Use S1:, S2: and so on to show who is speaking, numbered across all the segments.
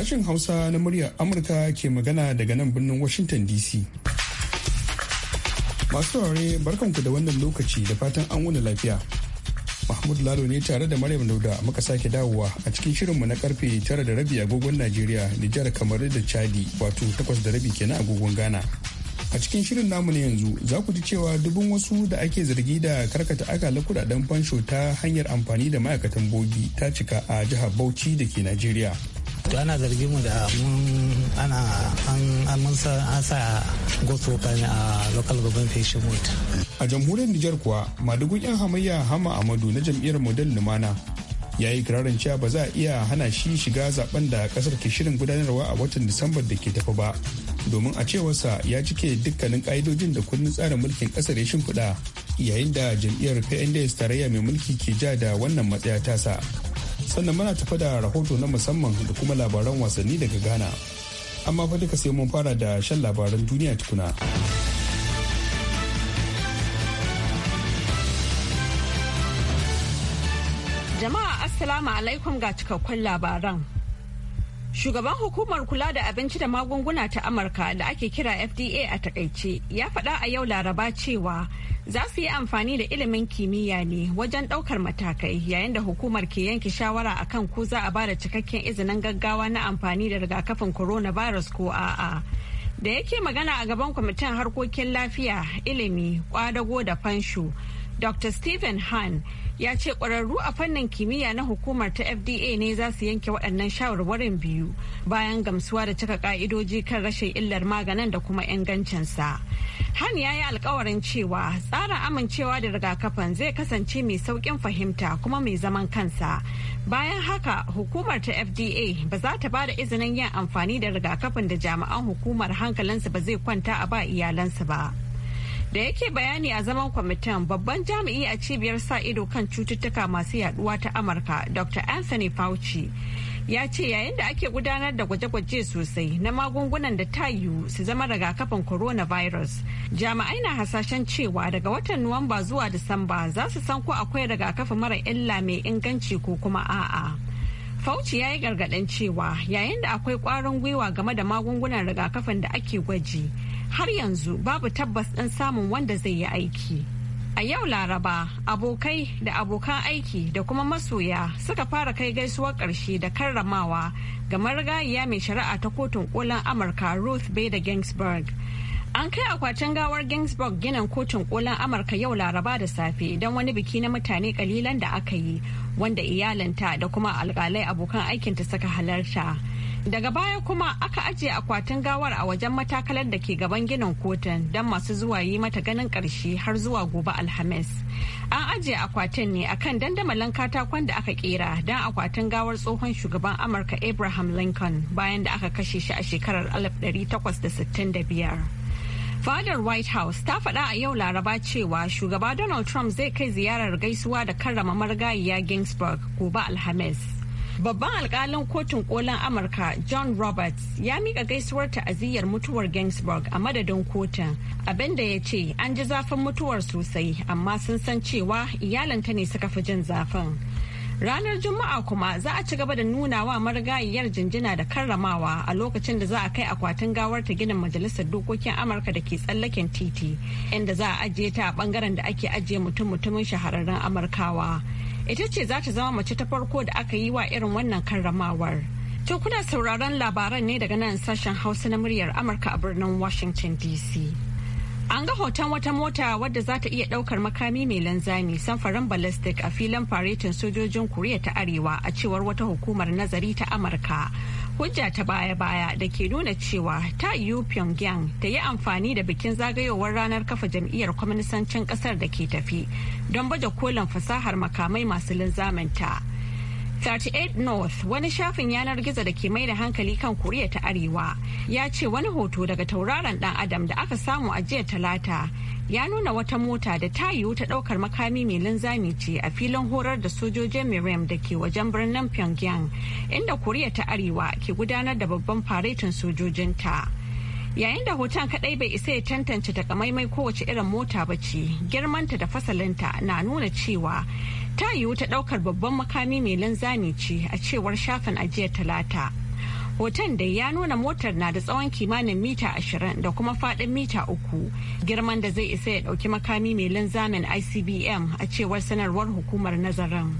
S1: Sashen Hausa na murya Amurka ke magana daga nan birnin Washington DC. Masu saurare barkanku da wannan lokaci da fatan an wuni lafiya. Mahmud Lalo ne tare da Maryam Dauda muka sake dawowa a cikin shirinmu na karfe tara da rabi agogon Najeriya, Nijar kamar da Chadi wato takwas da rabi kenan agogon Ghana. A cikin shirin namu na yanzu za ku ji cewa dubun wasu da ake zargi da karkata akala kudaden fansho ta hanyar amfani da ma'aikatan bogi ta cika a jihar Bauchi da ke Najeriya.
S2: to ana zargin mu da mun ana an mun sa
S1: goto gosu a local government fashion board a jamhuriyar Nijar kuwa madugun yan hamayya Hama Amadu na jam'iyyar Model Lumana ya yi kirarin cewa ba za a iya hana shi shiga zaben da kasar ke shirin gudanarwa a watan Disambar da ke tafi ba domin a cewarsa ya cike dukkanin ƙa'idojin da kundin tsarin mulkin kasar ya shimfiɗa yayin da jam'iyyar PNDS tarayya mai mulki ke ja da wannan matsaya tasa. sannan muna tafa da rahoto na musamman da kuma labaran wasanni daga ghana amma fa duka sai mun fara da shan labaran duniya
S3: tukuna jama'a assalamu alaikum ga cikakkun labaran Shugaban hukumar kula da abinci da magunguna ta Amurka da ake kira FDA a takaice ya faɗa a yau laraba cewa za su yi amfani da ilimin kimiyya ne wajen ɗaukar matakai yayin da hukumar ke yanke shawara a kan ko za a ba da cikakken izinin gaggawa na amfani da rigakafin coronavirus ko a'a. Da yake magana a gaban kwamitin harkokin lafiya, ilimi, da fansho, Dr. Stephen Hahn ya ce ƙwararru a fannin kimiyya na hukumar ta fda ne za su yanke waɗannan shawarwarin biyu bayan gamsuwa da cika ƙa'idoji kan rashin illar maganin da kuma ingancinsa han ya yi alkawarin cewa tsarin amincewa da rigakafin zai kasance mai sauƙin fahimta kuma mai zaman kansa bayan haka hukumar ta fda ba za ta ba da izinin yin amfani da rigakafin da jami'an hukumar hankalinsu ba zai kwanta a ba iyalansu ba. da yake bayani a zaman kwamitin babban jami'i a cibiyar sa ido kan cututtuka masu yaduwa ta amurka dr anthony fauci ya ce yayin da ake gudanar da gwaje-gwaje sosai na magungunan da ta yiwu su zama rigakafin coronavirus jami'ai na hasashen cewa daga watan nuwamba zuwa disamba za su san ko akwai rigakafi mara illa mai inganci ko kuma a'a fauci ya yi gargaɗin cewa yayin da akwai ƙwarin gwiwa game da magungunan rigakafin da ake gwaji har yanzu babu tabbas ɗin samun wanda zai yi aiki. A yau Laraba, abokai da abokan aiki da kuma masoya suka fara kai gaisuwar ƙarshe da karramawa ga marigayiya mai shari'a ta kotun kolin Amurka Ruth Bader Ginsburg. An kai akwatin gawar Ginsburg ginin kotun kolin Amurka yau Laraba da safe don wani biki na mutane kalilan da aka yi wanda iyalinta da kuma alkalai abokan aikinta suka halarta. daga baya kuma aka ajiye akwatin gawar a wajen matakalar da ke gaban ginin kotun don masu zuwa yi mata ganin karshe har zuwa gobe alhamis an ajiye akwatin ne a kan dandamalin katakon da aka kera don akwatin gawar tsohon shugaban amurka abraham lincoln bayan da aka kashe shi a shekarar 1865 fadar white house ta faɗa a yau laraba cewa shugaba donald trump zai kai ziyarar gaisuwa da karrama marigayiya ginsburg gobe alhamis Babban alkalin kotun kolin Amurka John Roberts ya mika gaisuwar ta'aziyyar mutuwar gainsburg a madadin kotun abinda ya ce an ji zafin mutuwar sosai amma sun san cewa iyalanta ne suka fi jin zafin. Ranar Juma'a kuma za a ci gaba da nuna wa marigayiyar jinjina da karramawa a lokacin da za a kai akwatin gawar ta ginin Majalisar Dokokin Amurka da ke tsallaken titi, inda za a ajiye ta a bangaren da ake ajiye mutum-mutumin shahararren Amurkawa. ita ce za ta zama mace ta farko da aka yi wa irin wannan karramawar. To kuna sauraron labaran ne daga nan sashen Hausa na muryar Amurka a birnin Washington DC. An ga hoton wata mota wadda za ta iya daukar makami mai linzami samfarin ballistic a filin faretin sojojin Koriya ta Arewa a cewar wata hukumar nazari ta Amurka hujja ta baya-baya da ke nuna cewa ta yi pyongyang ta yi amfani da bikin zagayowar ranar kafa jam'iyyar kwaminisancin kasar da ke tafi don baje kolin fasahar makamai masu linzamanta 38 north wani shafin yanar gizo da ke mai da hankali kan koriya ta arewa ya ce wani hoto daga tauraron dan adam da aka samu a jiya talata ya nuna wata mota da ta yiwu ta daukar makami mai linzami ce a filin horar da sojojin miriam da ke wajen birnin pyongyang inda koriya ta arewa ke gudanar da babban faretin sojojinta yayin da hoton kadai bai isa ya tantance takamaimai kowace irin mota ba ce girmanta da fasalinta na nuna cewa ta yiwu ta daukar babban makami mai linzami ce a cewar shafin ajiyar talata hoton da ya nuna motar na da tsawon kimanin mita 20 da kuma faɗin mita 3 girman da zai isa ya ɗauki makami mai linzamin icbm a cewar sanarwar hukumar nazarin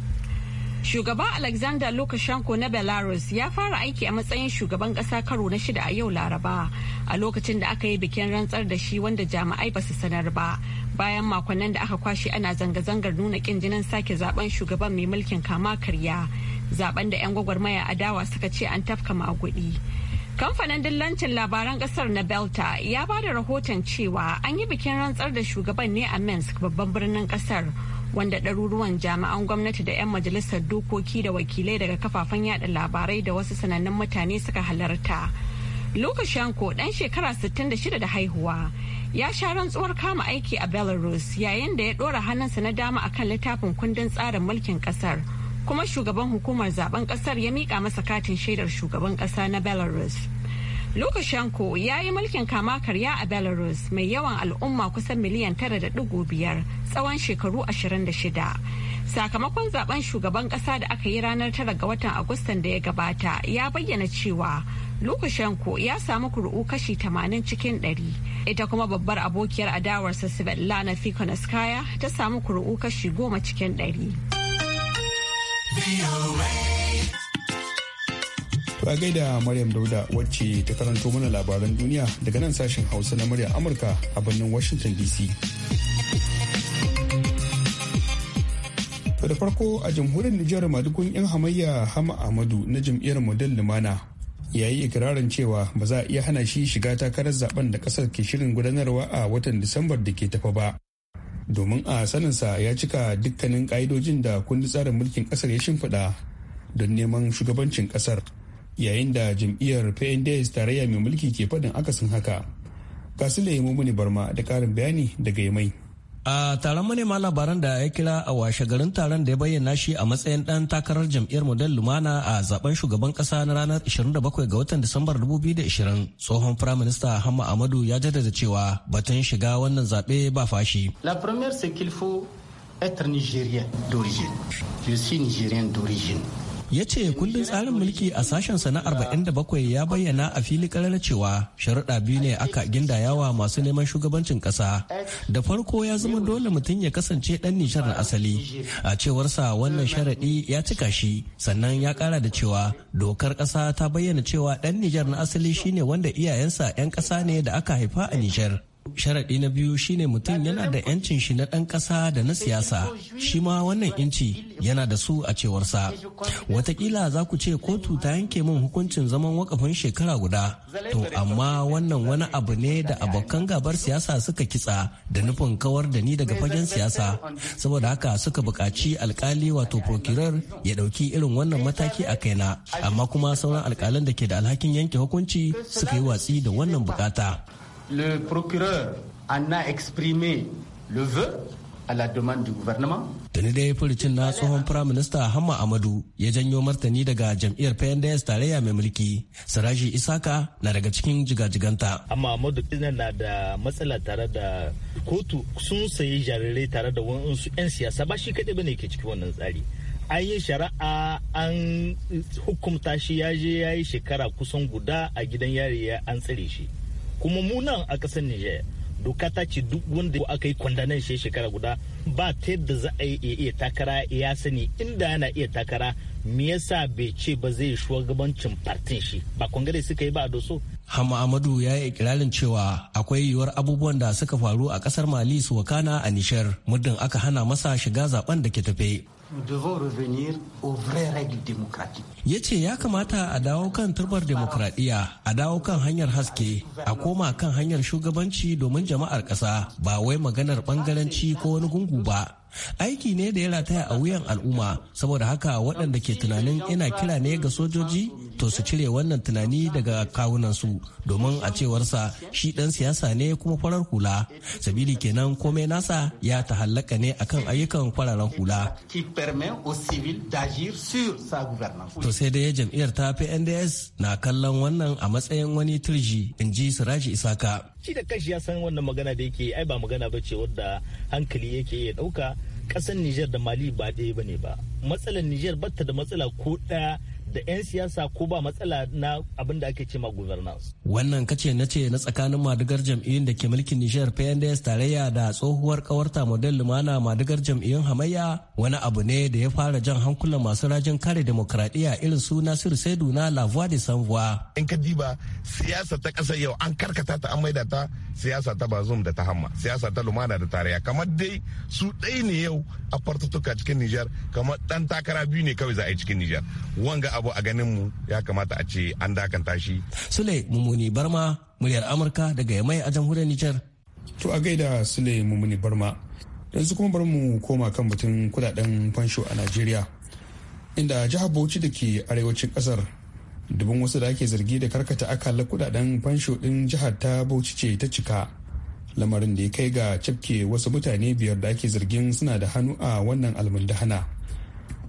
S3: shugaba alexander lukashenko na belarus ya fara aiki a matsayin shugaban kasa karo na shida a yau laraba a lokacin da aka yi bikin rantsar da shi wanda jami'ai ba su sanar ba bayan makonnin da aka kwashe ana zanga-zangar nuna kin jinin sake zaben shugaban mai mulkin kama karya zaben da 'yan gwagwarmaya dawa suka ce an tafka maguɗi. Kamfanin dillancin labaran kasar na Belta ya ba da rahoton cewa an yi bikin rantsar da shugaban ne a Minsk babban birnin kasar wanda ɗaruruwan jami'an gwamnati da 'yan majalisar dokoki da wakilai daga kafafen yada labarai da wasu sanannun mutane suka halarta. Lukashenko ɗan shekara 66 da haihuwa ya sha rantsuwar kama aiki a Belarus yayin da ya ɗora hannunsa na dama akan littafin kundin tsarin mulkin ƙasar. kasar. kuma shugaban hukumar zaben kasar ya mika masa katin shaidar shugaban ƙasa na belarus lukashenko ya yi mulkin kama karya a belarus mai yawan al'umma kusan miliyan 9.5 tsawon shekaru 26 sakamakon zaben shugaban ƙasa da aka yi ranar tara ga watan agustan da ya gabata ya bayyana cewa lukashenko ya samu kuru'u kashi 80 cikin 100 ita kuma babbar abokiyar adawarsa svetlana fikonaskaya ta samu kuru'u kashi 10 cikin 100 To
S1: a gaida Maryam Dauda wacce ta karanto mana labaran duniya daga nan sashen Hausa na murya Amurka a birnin Washington DC. da farko a jamhuriyar Nijar madukun 'yan hamayya Hama Ahmadu na jam'iyyar Model Lumana ya yi ikirarin cewa ba za a iya hana shi shiga takarar zaben da kasar ke shirin gudanarwa a watan Disambar da ke tafa ba. domin a saninsa ya cika dukkanin ƙa'idojin da kundin tsarin mulkin ƙasar ya shimfiɗa don neman shugabancin ƙasar yayin da jam'iyyar pnds tarayya mai mulki ke faɗin akasin haka kasile mumuni barma da ƙarin bayani daga yamai a taron manema labaran da ya kira a
S4: washe garin taron da ya bayyana shi a matsayin dan takarar jam'iyyar model lumana a zaben shugaban kasa na ranar 27 ga watan disambar 2020 tsohon firaminista hamma amadu ya jaddada cewa batun shiga wannan zaɓe ba fashi la première c'est qu'il faut nigérien d'origine je suis nigérien d'origine ya ce kundin tsarin mulki a sashen sa na 47 ya bayyana a fili karar cewa Sharuɗa biyu ne aka gindayawa masu neman shugabancin ƙasa da farko ya zama dole mutum ya kasance ɗan nishar na asali a cewarsa wannan sharaɗi ya cika shi sannan ya ƙara da cewa dokar ƙasa ta bayyana cewa ɗan nijar na asali shine wanda iyayensa 'yan ƙasa ne da aka haifa a nijar sharaɗi na biyu shine mutum yana da 'yancin shi na ɗan ƙasa da na siyasa shi ma wannan inci yana da su a cewarsa watakila za ku ce kotu ta yanke min hukuncin zaman wakafin shekara guda to amma wannan wani abu ne da abokan gabar siyasa suka kitsa da nufin kawar da ni daga fagen siyasa saboda haka suka buƙaci alkali wato prokirar ya ɗauki irin wannan mataki a kaina amma kuma sauran alkalan da ke da alhakin yanke hukunci suka yi watsi da wannan bukata
S2: le procureur en a exprimé le vœu à la demande du gouvernement.
S4: Tuni dai furucin na tsohon firaminista Hamma Amadu ya janyo martani daga jam'iyyar PNDS tarayya mai mulki. Saraji Isaka na daga cikin jigajiganta.
S2: Hamma Amadu ina na da matsala tare da kotu sun sayi jarirai tare da wasu 'yan siyasa ba shi kaɗai bane ke cikin wannan tsari. An yi shari'a an hukumta shi ya je ya yi shekara kusan guda a gidan yari ya an tsare shi. kuma mu a ƙasar Nijar doka ta ce duk wanda aka yi kwandanan shi shekara guda ba ta yadda za a iya takara ya sani inda yana iya takara me yasa bai ce ba zai shugabancin partin shi ba kwangare suka yi ba a doso
S4: Hama Amadu ya yi ikirarin cewa akwai yiwuwar abubuwan da suka faru a kasar Mali su wakana a Nishar muddin aka hana masa shiga zaben da ke tafe. Nous devons revenir au vrai paradigm democratic. Ya ce ya kamata a dawo kan turbar demokradiyya, a dawo kan hanyar haske, a koma kan hanyar shugabanci domin jama'ar ƙasa ba wai maganar bangaranci ko wani gungu ba. aiki ne da ya rataya a wuyan al'umma saboda haka waɗanda ke tunanin ina kira ne ga sojoji to su cire wannan tunani daga kawunansu domin a cewarsa shi ɗan siyasa ne kuma farar hula sabili kenan komai nasa ya ta hallaka ne akan ayyukan fararen hula to sai dai jam'iyyar ta pnds na kallon wannan a matsayin wani turji in ji siraji isaka shi da kanshi ya
S2: san wannan magana da yake ai ba magana ba ce wadda hankali yake ya dauka kasar niger da Mali ba ɗaya ne ba matsalar niger batta da matsala ko ɗaya da 'yan siyasa ko ba matsala na abin da ake cema governance.
S4: Wannan kace na ce na tsakanin madigar jam'iyyun da ke mulkin Nijar PNDS tarayya da tsohuwar kawarta model lumana madigar jam'iyyun hamayya wani abu ne da ya fara jan hankula masu rajin kare demokradiyya irin su Nasiru Saidu na La
S1: Voix de Voix. In ka diba siyasa ta yau an karkata ta an maida ta siyasa ta bazum da ta hamma siyasa ta lumana da tarayya kamar dai su dai ne yau a fartutuka cikin Nijar kamar ɗan takara biyu ne kawai za a yi cikin Nijar wanga abu a ganin mu ya kamata a ce an dakanta shi sule mumuni barma muryar amurka daga yamai a jamhuriyar nijar to a gaida sule mumuni barma yanzu kuma bar mu koma kan batun kudaden fansho a najeriya inda jihar bauchi da ke arewacin kasar dubin wasu da ake zargi da karkata akalla kudaden fansho din jihar ta bauchi ce ta cika lamarin da ya kai ga cafke wasu mutane biyar da ake zargin suna da hannu a wannan
S5: almundahana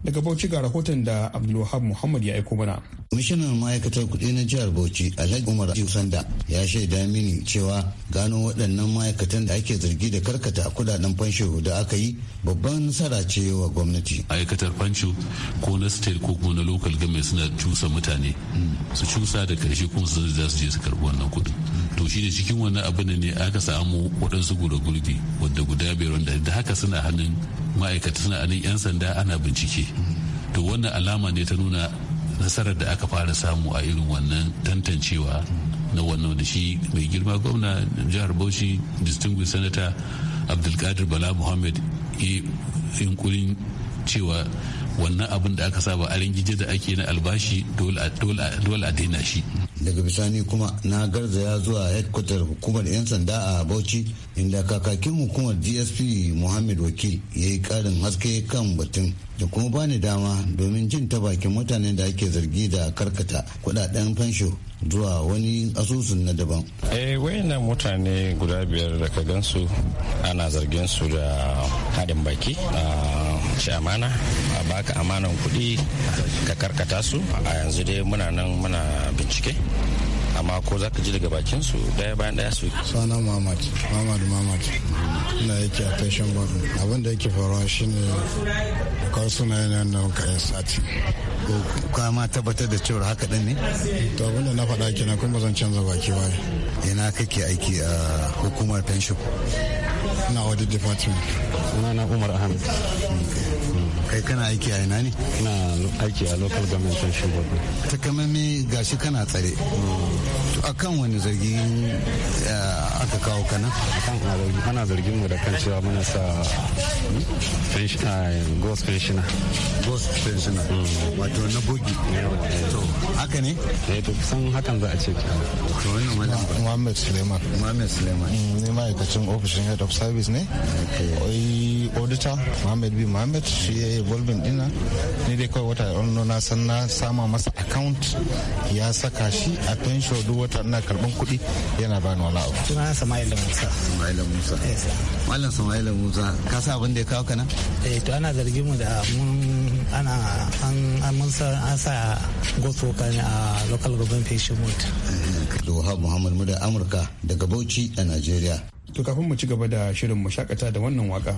S5: daga bauchi ga rahoton da abdulwahab muhammad ya aiko mana kwamishinan ma'aikatar kuɗi na jihar bauchi alhaji umar sanda ya shaida mini cewa gano waɗannan ma'aikatan da ake zargi da karkata kudaden fansho da aka yi babban nasara ce wa gwamnati
S2: ma'aikatar fansho ko na state ko kuma na local government suna cusa mutane su cusa da karshe kuma su za su je su karɓi wannan kuɗi to shi ne cikin wannan abin ne aka samu waɗansu gura gurbi wadda guda biyar wanda da haka suna hannun ma'aikata suna 'yan sanda ana bincike to wannan alama ne ta nuna nasarar da aka fara samu a irin wannan tantancewa na wannan da shi mai girma gwamna jihar bauchi distinguished senator abdulkadir bala muhammad yunkurin cewa wannan abin da aka saba a ringije da ake na albashi dole
S5: a daina shi daga bisani kuma na garzaya zuwa headquarter hukumar 'yan sanda a bauchi inda kakakin hukumar dsp muhammad wakil ya yi karin haske kan batun da kuma bani dama domin jin ta bakin mutanen da ake zargi da karkata kudaden fansho zuwa wani asusun na daban.
S2: eh wayannan mutane guda biyar da ka gansu ana zargin su da haɗin baki ah, ci amana a baka amanan kuɗi ka karkata su a yanzu dai muna nan muna bincike amma ko za ka ji daga bakin su daya bayan daya su sana
S5: mamad mamad mamaki ina yake a fashion bank abin da yake faruwa shine kawai suna yana nan yi sati ka ma tabbatar da cewar haka din ne to abin da na faɗa kenan kuma zan canza baki ba ina kake aiki a hukumar pension na audit department sunana umar ahmed kai kana aiki a ina ne na aiki a local government shugaba takamami gashi kana tsare akan wani zargi aka kawo kana akan ana zargin mu da kan cewa muna sa hmm? ah, ghost pensioner ghost pensioner hmm. wato na bogi to haka ne eh to san hakan za a ce to wannan malam Muhammad Suleiman Muhammad Suleiman hmm, ne ma'aikacin ofishin head of service ne okay auditor mohammed bin mohammed shi ya yi volvin dina ni dai kawai wata da na san na sama masa account ya saka shi a pension duk wata ina karban kuɗi yana bani wani abu. Sunana Sama'ila Musa. Sama'ila Musa. Malam Sama'ila Musa ka sa abin da ya kawo kana? Eh to ana zargin
S2: mu da mun ana an mun sa an sa goto kan a
S5: local government pension board. Eh, Abdulwahab Muhammad Muda Amurka daga Bauchi a Najeriya. To kafin mu ci gaba da shirin mu shakata da wannan waka.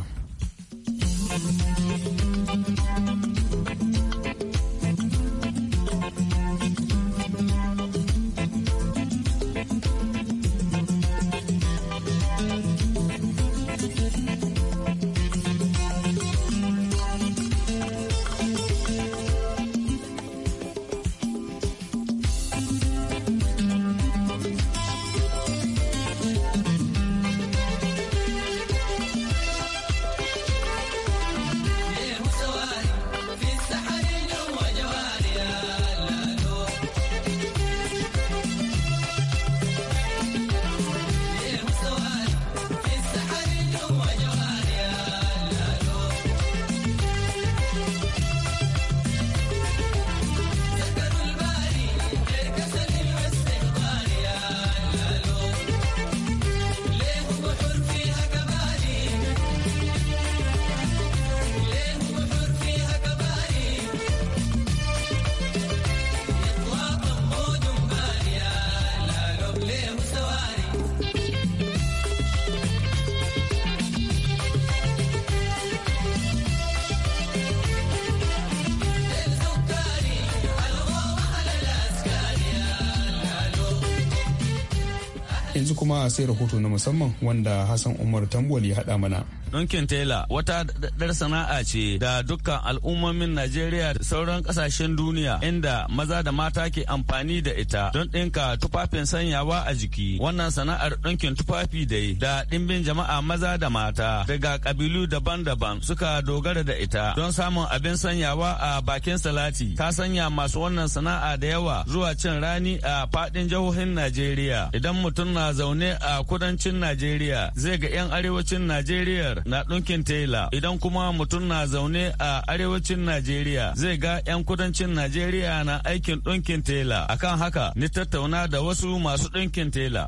S1: kuma sai rahoto na musamman wanda Hassan Umar Tambol ya haɗa mana.
S2: Dunkin tela wata dar sana'a ce da dukkan al'ummomin Najeriya da sauran kasashen duniya inda maza da mata ke amfani da ita don ɗinka tufafin sanyawa a jiki. Wannan sana'ar ɗinkin tufafi dai da ɗimbin jama'a maza da mata daga ƙabilu daban-daban suka dogara da ita don samun abin sanyawa a bakin salati. Ta sanya masu wannan sana'a da yawa zuwa cin rani a faɗin jihohin Najeriya. Idan mutum na zaune a kudancin Najeriya zai ga 'yan arewacin Najeriya na ɗinkin tela idan kuma mutum na zaune a arewacin najeriya zai ga 'yan kudancin najeriya na aikin ɗinkin tela akan haka ni tattauna da wasu masu ɗinkin tela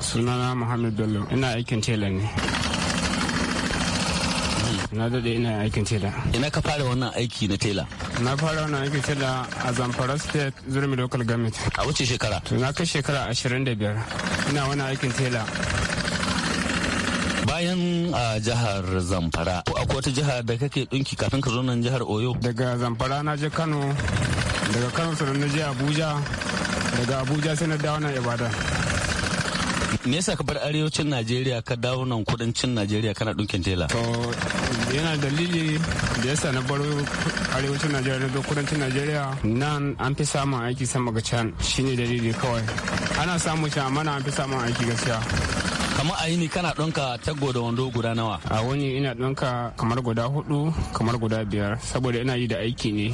S2: sunana muhammad bello ina aikin tela ne na daɗe ina aikin tela. Ina ka fara wannan aiki na tela? Na fara wannan aikin tela a Zamfara State Zurmi Local Government. A wuce shekara? na kai shekara ashirin da biyar. ina wani aikin tela bayan a jihar zamfara Ko akwai wata jiha da kake dinki kafin ka zo nan jihar oyo daga zamfara na je kano daga kano sai na je abuja daga abuja sai na dawo na ibadan me yasa ka bar arewacin najeriya ka dawo nan kudancin najeriya kana dunkin tela to yana dalili da yasa na bar arewacin najeriya na ga kudancin najeriya nan an fi samun aiki sama ga can shine dalili kawai ana samun can amma na an fi samun aiki gaskiya kamar a ni kana ɗonka tago da wando guda nawa a wani ina ɗonka kamar guda hudu kamar guda biyar saboda ina yi da aiki ne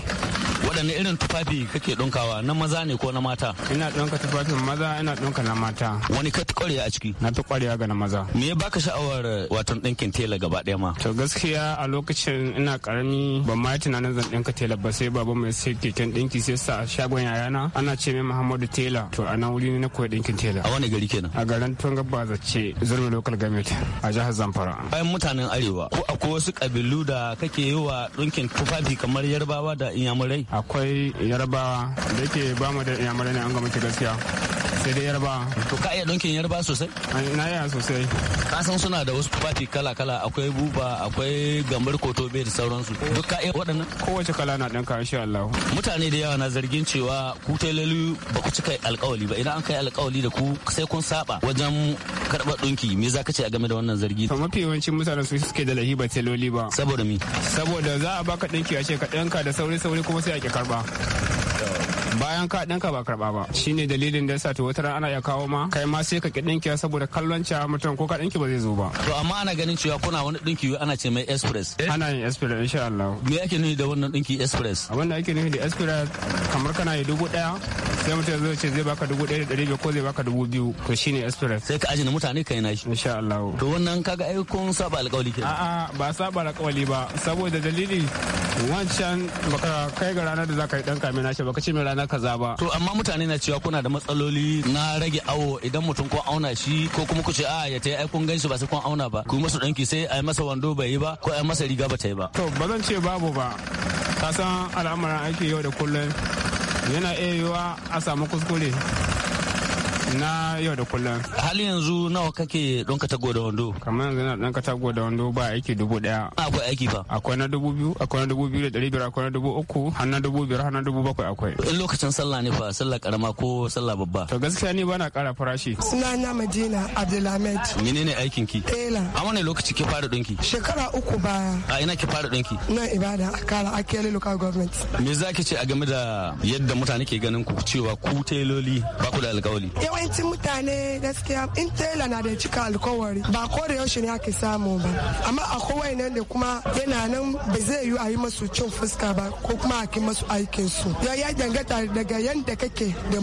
S2: waɗanne irin tufafi kake ɗonkawa na maza ne ko na mata ina ɗonka tufafin maza ina ɗonka na mata wani ka kware a ciki na fi ga na maza me ya baka sha'awar watan ɗinkin tela gaba ɗaya ma to gaskiya a lokacin ina karami ban ma tunanin zan ɗinka tela ba sai baba mai sai keken ɗinki sai sa a shagon yayana ana ce mai muhammadu tela to a nan wuri ne na koyi ɗinkin tela a wani gari kenan a garin tunga zace zurmi local government a jihar zamfara bayan mutanen arewa ko akwai wasu kabilu da kake yi wa ɗinkin tufafi kamar yarbawa da inyamurai akwai yarbawa da ke ba mu da inyamurai ne an gwamnati gaskiya sai dai yarba to ka iya donkin yarba sosai na iya sosai ka san suna da wasu fati kala kala akwai buba akwai gambar koto bai da sauransu duk ka iya waɗannan kowace kala na ɗinka insha Allah mutane da yawa na zargin cewa ku telelu ba ku cika alƙawali ba idan an kai alƙawali da ku sai kun saba wajen karɓar donki me za ka ce a game da wannan zargi to mafi yawancin mutane su suke da lahi ba teloli ba saboda mi saboda za a baka donki a ce ka ɗanka da sauri sauri kuma sai a ki karɓa bayan ka ɗinka ba karɓa ba shine dalilin da yasa to wata ran ana iya kawo ma kai ma sai ka ki ɗinki saboda kallon cewa mutum ko ka ɗinki ba zai zo ba to amma ana ganin cewa kuna wani ɗinki ana ce mai express eh, ana yin express insha Allah me ake nuni da wannan ɗinki express abinda ake nuni da express kamar kana yi dubu ɗaya sai mutum zai ce zai baka dubu ɗaya da ɗari biyu ko zai baka dubu biyu to shine express sai ka ajiye mutane kai na shi insha Allah to wannan kaga ai kun saba alƙawali ke. a'a ba saba alƙawali ba saboda dalili wancan baka kai ga ranar da zaka yi ɗan kamina shi baka ce mai rana kaza ba to amma mutane na cewa kuna da matsaloli na rage awo idan mutum ko auna shi ko kuma ku ce a ah, ya ta ai kun gan shi ba sai kun auna ba ku masa danki sai ai masa wando bai yi ba ko ai masa riga ba ta yi ba to ba zan ce babu ba ka san al'amuran aiki yau da kullum yana iya yiwuwa a samu kuskure na yau da kullum hali yanzu nawa kake don ka da wando kamar yanzu na don ka da wando ba aiki dubu daya ah, akwai aiki ba akwai na dubu biyu akwai na dubu biyu da dari biyar akwai na dubu uku har na dubu biyar har na dubu bakwai akwai in lokacin sallah ne fa sallah karama ko sallah babba to gaskiya ni bana kara farashi
S6: suna na madina abdulhamid
S2: menene aikin ki
S6: tela a wani lokaci
S2: ki fara dinki
S6: shekara uku baya
S2: a ina ki fara dinki
S6: na ibada local government
S2: me zaki ce a game da yadda mutane ke ganin ku cewa ku teloli ba ku da
S6: yawancin mutane gaskiya in tela na da cika alkawari ba ko da yaushe ne ake samu ba amma akwai nan da kuma yana nan ba zai yi a yi masu cin fuska ba ko kuma a ki masu aikin su ya ya dangata daga yanda kake da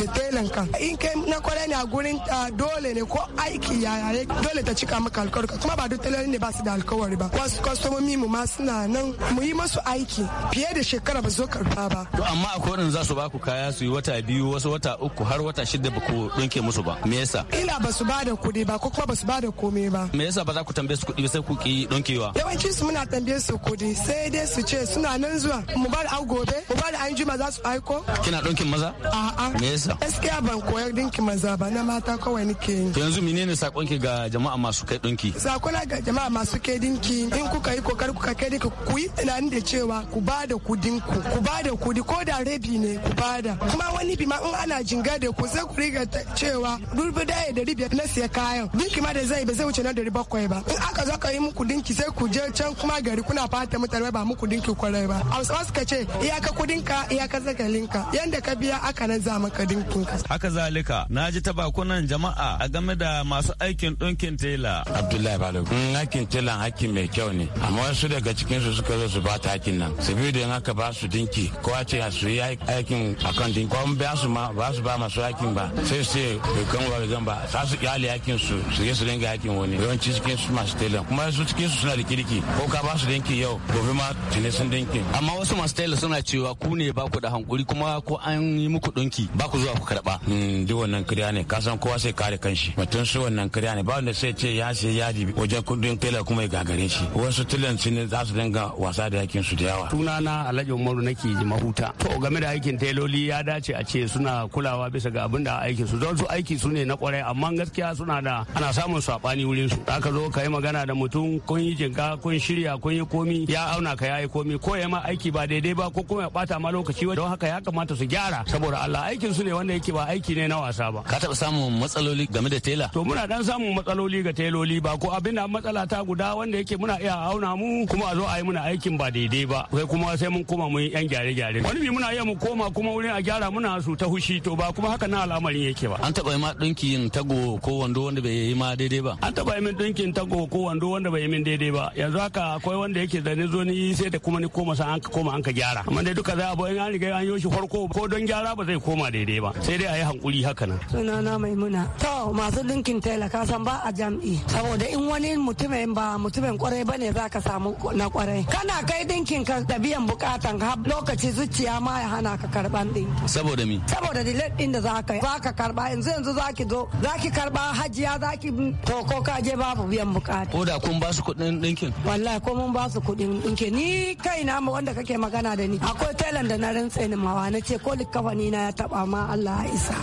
S6: da telan ka in kai na kwarai ne a gurin dole ne ko aiki ya yaya dole ta cika maka alkawari kuma ba duk telan ne ba su da alkawari ba wasu kwastomomi mu ma suna nan mu yi masu aiki fiye da shekara ba zo karfa ba
S2: to amma akwai za su ba ku kaya su yi wata biyu wasu wata uku har wata shida ba ku dinke musu ba me yasa
S6: ila ba su ba da kuɗi ba ko kuma ba su ba da komai ba
S2: me yasa ba za ku tambaye su kuɗi sai ku ki ɗinkewa
S6: yawanci su muna tambaye su kuɗi sai dai su ce suna nan zuwa mu bar au gobe mu bar da an jima za su aiko
S2: kina ɗinkin maza
S6: a'a me yasa gaskiya ban koyar ɗinkin maza ba na mata kawai nake yi yanzu
S2: menene sakonki ga jama'a masu kai ɗinki
S6: sakona ga jama'a masu kai dinki in kuka yi kokari kuka kai dinki ku yi tunanin da cewa ku ba da kuɗin ku ku ba da ko da rabi ne ku ba da kuma wani bi ma in ana jinga da ku sai ku riga da cewa da ya dari biyar na siya kayan dinki ma da zai ba zai wuce na dari bakwai ba in aka zo ka yi muku dinki sai ku je can kuma gari kuna fata mutane ba muku dinki kwarai ba wasu ka ce iyaka kudinka iyaka zagalinka yanda ka biya aka nan za maka ka.
S2: haka zalika na ji ta bakunan jama'a a game da masu aikin ɗinkin tela. abdullahi balo aikin tela hakki mai kyau ne amma wasu daga cikin su suka zo su ba ta hakkin nan da in aka ba su dinki ko a ce su yi aikin akan dinki ko ba su ba su ba masu aikin ba sai sai su bai kan wa zan ba sa su kyale yakin su su je su dinga yakin wani yawanci cikin su masu telan kuma su cikin su suna da kirki ko ka ba su dinki yau gobe ma tuni sun dinki amma wasu masu telan suna cewa ku ne ba ku da hankuri kuma ko an yi muku dinki ba ku zuwa ku karba hmm, duk wannan kariya ne ka san kowa sai kare kanshi mutum su wannan kariya ne ba wanda sai ce ya sai yadi wajen kudin tailor kuma ya gagare shi wasu telan su ne za su dinga wasa da yakin su da yawa sunana alhaji umaru nake mahuta to game da aikin teloli ya dace a ce suna kulawa bisa ga abin da aikin aikin su don su aiki su ne na kwarai amma gaskiya suna da ana samun sabani wurin su aka zo ka yi magana da mutum kun yi jinka kun shirya kun yi komi ya auna ka yayi komi ko ya ma aiki ba daidai ba ko kuma ya bata ma lokaci don haka ya kamata su gyara saboda Allah aikin su ne wanda yake ba aiki ne na wasa ba ka taba samun matsaloli game da tela to muna dan samun matsaloli ga teloli ba ko abin da matsala ta guda wanda yake muna iya auna mu kuma a zo a yi muna aikin ba daidai ba sai kuma sai mun koma mun yan gyare gyare wani bi muna iya mu koma kuma wurin a gyara muna su ta hushi to ba kuma haka na al'amarin yake yake ba an taba ma dinkin tago ko wando wanda bai yi ma daidai ba an taba min dinkin tago ko wando wanda bai yi min daidai ba yanzu haka akwai wanda yake da ni zo ni sai da kuma ni koma san an koma an ka gyara amma dai duka za a bayan an riga an yi shi farko ko don gyara ba zai koma daidai ba sai dai a yi hankuri haka nan
S7: sunana maimuna to masu dinkin tela ka san ba a jam'i saboda in wani mutumin ba mutumin kwarai ba ne za ka samu na kwarai kana kai dinkin ka biyan bukatan ka lokaci zuciya ma ya hana ka karban dinki saboda mi saboda dilet din da za ka yi za ka karba yanzu yanzu za ki zo za ki karba hajiya za ki to ko ka je babu biyan bukata. Ko da kun
S2: ba su kuɗin ɗinkin?
S7: Wallahi ko mun ba su kuɗin ɗinkin ni kai na mu wanda kake magana da ni akwai tailan da na rantse ni mawa na ce ko likafani na ya taba ma Allah ya isa.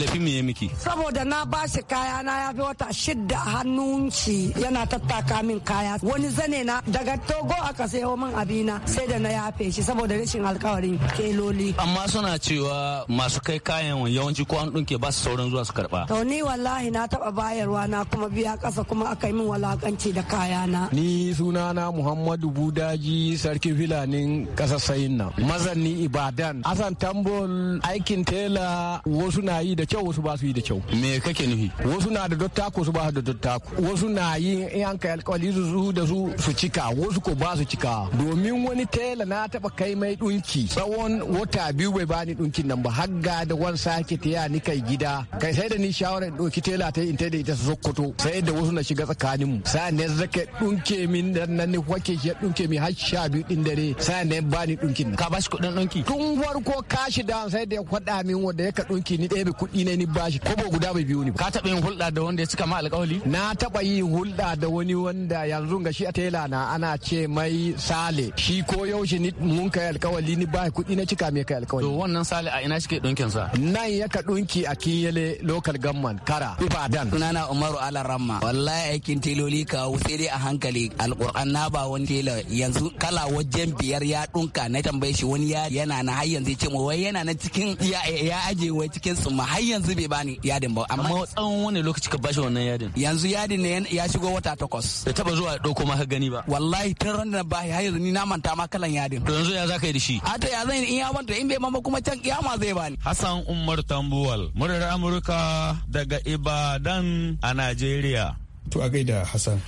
S7: Lafi me miki? Saboda na ba shi kaya na ya fi wata shidda hannun shi yana tattaka min kaya wani zane na daga Togo aka sayo min abina sai da na yafe shi saboda rashin alkawarin keloli.
S2: Amma suna cewa masu kai kayan yawanci ko an ɗinke ba ba su sauran
S8: zuwa su karba
S7: to ni wallahi na taba bayarwa na kuma biya kasa kuma aka yi min walakanci da kaya na
S8: ni sunana muhammadu budaji sarkin filanin kasar sayin nan ni ibadan asan tambol aikin tela wasu na yi da kyau wasu ba su yi da kyau me kake nufi wasu na da dottako su ba da dottako wasu na yi in an kai alkawali su da su su cika wasu ko ba su cika domin wani tela na taba kai mai dunki tsawon wata biyu bai bani dunkin nan ba har da wan sake ta ni kai gida kai sai da ni shawarar ɗauki tela ta in da ita sokoto sai da wasu na shiga tsakanin mu sai ne zaka ɗunke min da nan ni wake shi ɗunke min har sha biyu ɗin dare sai ne ba ni ɗunkin ka ba shi kuɗin ɗunki tun farko kashi da sai da ya faɗa min wanda ya ka ɗunki ni ɗebe kuɗi ne ni ba shi kobo guda bai biyo ni ka taɓa yin hulɗa da wanda ya cika ma alƙawali na taɓa yin hulɗa da wani wanda yanzu ga shi a tela na ana ce mai sale shi ko yaushe ni mun kai alƙawali ni ba kuɗi na cika mai kai alƙawali to wannan sale a ina shi ke ɗunkin sa nan ya ka ɗunki a kinyele local government kara ibadan sunana umaru alaramma
S2: wallahi aikin teloli kawo wuce dai a hankali alkur'an na ba wani tela yanzu kala wajen biyar ya dunka na tambaye shi wani ya yana na har yanzu ce mu wai yana na cikin ya ya aje wai cikin su ma har yanzu bai bani yadin ba amma tsawon wani lokaci ka bashi wannan yadin yanzu yadin ne ya shigo wata takwas da taba zuwa dauko ma ka gani ba wallahi tun ran da ba har yanzu ni na manta ma kalan yadin to yanzu ya zaka yi da shi a ta ya zan in ya manta in bai mama kuma can kiyama zai bani hasan umar tambuwal Muryar Amurka daga Ibadan a Najeriya.
S1: To a gaida Hassan.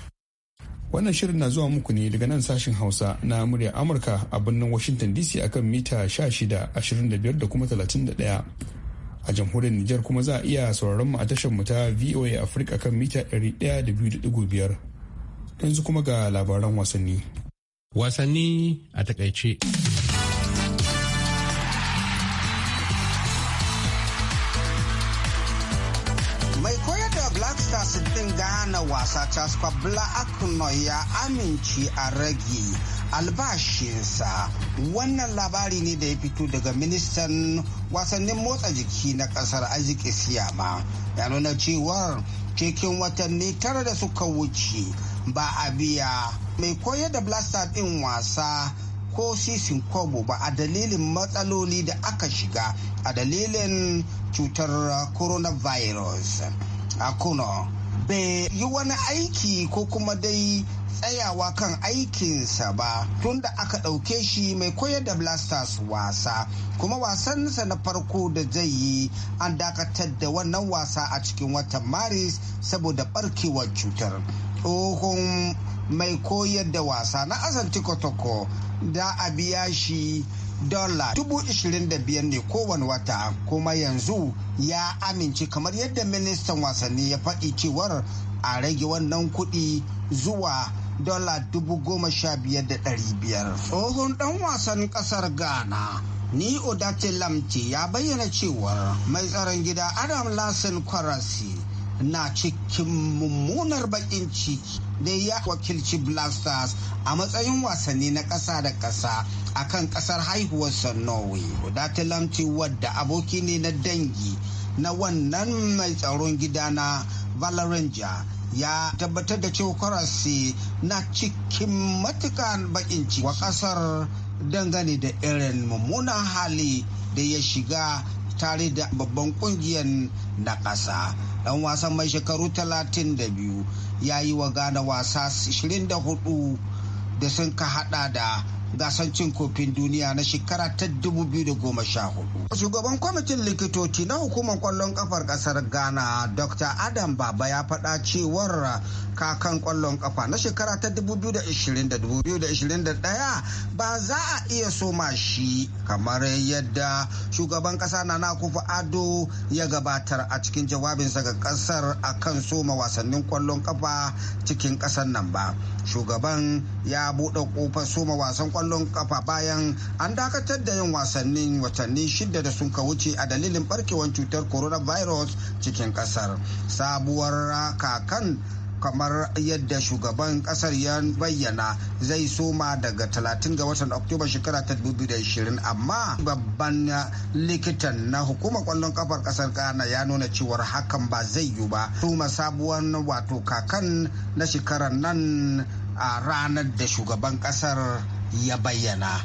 S1: Wannan shirin na zuwa muku ne daga nan sashen Hausa na muryar Amurka a birnin Washington DC akan mita 16, da kuma 31. a jamhuriyar Nijar kuma za a iya sauraron mu a tashar mu ta VOA Africa kan mita 102.5 yanzu kuma ga labaran wasanni. Wasanni a takaice.
S9: da wasa Casper Blacknoy ya amince a rage albashinsa. Wannan labari ne da ya fito daga ministan wasannin motsa jiki na kasar arziki siyama ya nuna cewa cikin watanni tara da suka wuce ba a biya mai koyar da blaster ɗin wasa ko sisin kwabo ba a dalilin matsaloli da aka shiga a dalilin cutar coronavirus a kuno bai yi wani aiki ko kuma dai tsayawa kan aikinsa ba tun da aka ɗauke shi mai koyar da blasters wasa kuma wasansa na farko da zai yi an dakatar da wannan wasa a cikin watan maris saboda barkewar cutar tsohon mai koyar da wasa na asanti tikotoko da a biya shi dola dubu ishirin ne kowane wata kuma yanzu ya amince kamar yadda ministan wasanni ya faɗi cewar a rage wannan kuɗi zuwa dola dubu goma da ɗari biyar tsohon ɗan wasan ƙasar ghana ni odate lamte ya bayyana cewar mai tsaron gida adam lasin kwarasi na cikin mummunar bakin ciki da ya wakilci black a matsayin wasanni na ƙasa da ƙasa a kan ƙasar haihuwarsa norway guda wadatalamci wadda aboki ne na dangi na wannan mai tsaron gida na valeranja ya tabbatar da cewa na cikin matukan bakin ciki wa ƙasar dangane da irin mummunan hali da ya shiga tare da babban kungiyar na ƙasa dan wasan mai shekaru 32 ya yi wa ghana wasa 24 da sun ka hada da gasar cin kofin duniya na shekara ta 2014. Shugaban kwamitin likitoci na hukumar kwallon kafar kasar Ghana Dr. Adam Baba ya faɗa cewar kakan kwallon kafa na shekara ta 2020-2021 ba za a iya soma shi kamar yadda shugaban kasa na nakufa ado ya gabatar a cikin jawabinsa ga kasar akan soma wasannin kwallon kafa cikin kasar nan ba. Shugaban ya buɗe kofar soma wasan kwallon kafa bayan an dakatar da yin wasannin watanni shida da sun ka wuce a dalilin barkewar cutar coronavirus cikin kasar sabuwar kakan kamar yadda shugaban kasar ya bayyana zai soma daga 30 ga watan oktoba shekara ta 2020 amma babban likitan na hukumar kwallon kafar kasar ghana ya nuna cewar hakan ba zai yiwu ba soma sabuwar wato kakan na shekarar nan a ranar da shugaban kasar ya bayyana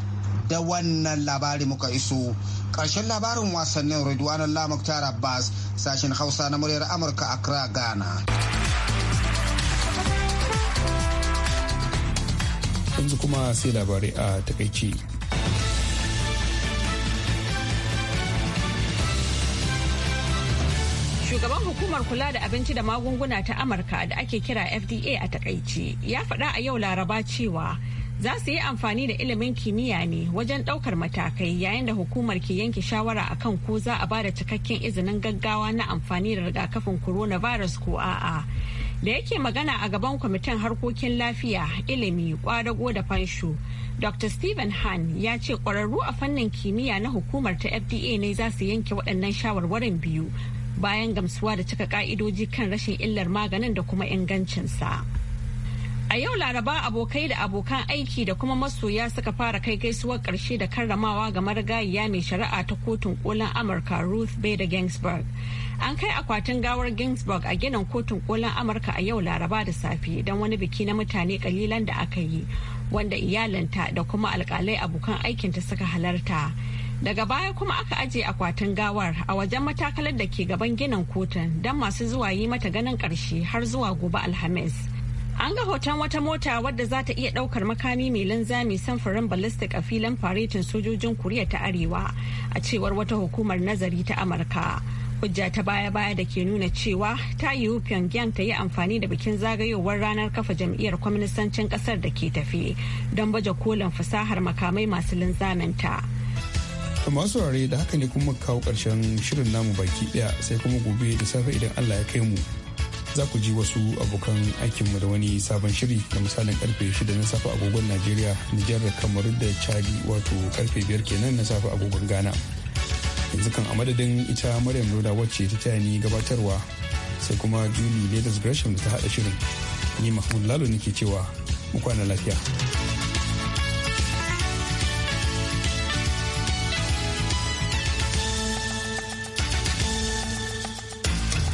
S9: da wannan labari muka iso ƙarshen labarin wasannin Ridwanan tara bas sashen Hausa na muryar Amurka Accra Ghana. Yanzu kuma sai labarai a takaici.
S3: Shugaban hukumar kula da abinci da magunguna ta Amurka da ake kira FDA a takaici ya faɗa a yau laraba cewa za su yi amfani da ilimin kimiyya ne wajen ɗaukar matakai yayin da hukumar ke yanke shawara a kan ko za a ba da cikakken izinin gaggawa na amfani da rigakafin coronavirus ko a'a. da yake magana a gaban kwamitin harkokin lafiya ilimi kwadago da fansho dr stephen han ya ce kwararru a fannin kimiyya na hukumar ta fda ne za su yanke waɗannan shawarwarin biyu bayan gamsuwa da cika ka'idoji kan rashin illar maganin da kuma ingancinsa. A yau Laraba abokai da abokan aiki da kuma masoya suka fara kai gaisuwar ƙarshe da karramawa ga marigayiya mai shari'a ta kotun kolin Amurka Ruth Bader Ginsburg. An kai akwatin gawar Ginsburg a ginin kotun kolin Amurka a yau Laraba da safe don wani biki na mutane kalilan da aka yi wanda iyalinta da kuma alkalai abokan aikinta suka halarta. daga baya kuma aka ajiye akwatin gawar a wajen matakalar da ke gaban ginin kotun don masu zuwa yi mata ganin karshe har zuwa gobe alhamis An ga hoton wata mota wadda za ta iya daukar makami mai linzami samfurin ballistic a filin faretin sojojin Koriya ta Arewa a cewar wata hukumar nazari ta Amurka. Hujja ta baya-baya da ke nuna cewa ta yiwu Pyongyang ta yi amfani da bikin zagayowar ranar kafa jam'iyyar kwaministancin kasar da ke tafe don baje kolin fasahar makamai masu linzaminta.
S1: masu saurare da haka ne kuma kawo karshen shirin namu baki daya sai kuma gobe da safe idan Allah ya kai mu za ku ji wasu abokan aikinmu da wani sabon shiri da misalin karfe 6 na safe agogon Najeriya, Nijar da Kamaru da Chadi wato karfe 5 kenan na safe agogon Ghana. Yanzu kan a madadin ita Maryam Loda wacce ta taya ni gabatarwa sai kuma Julie Leathers Gresham da ta haɗa shirin. Ni Mahmud Lalo nake cewa mu kwana lafiya.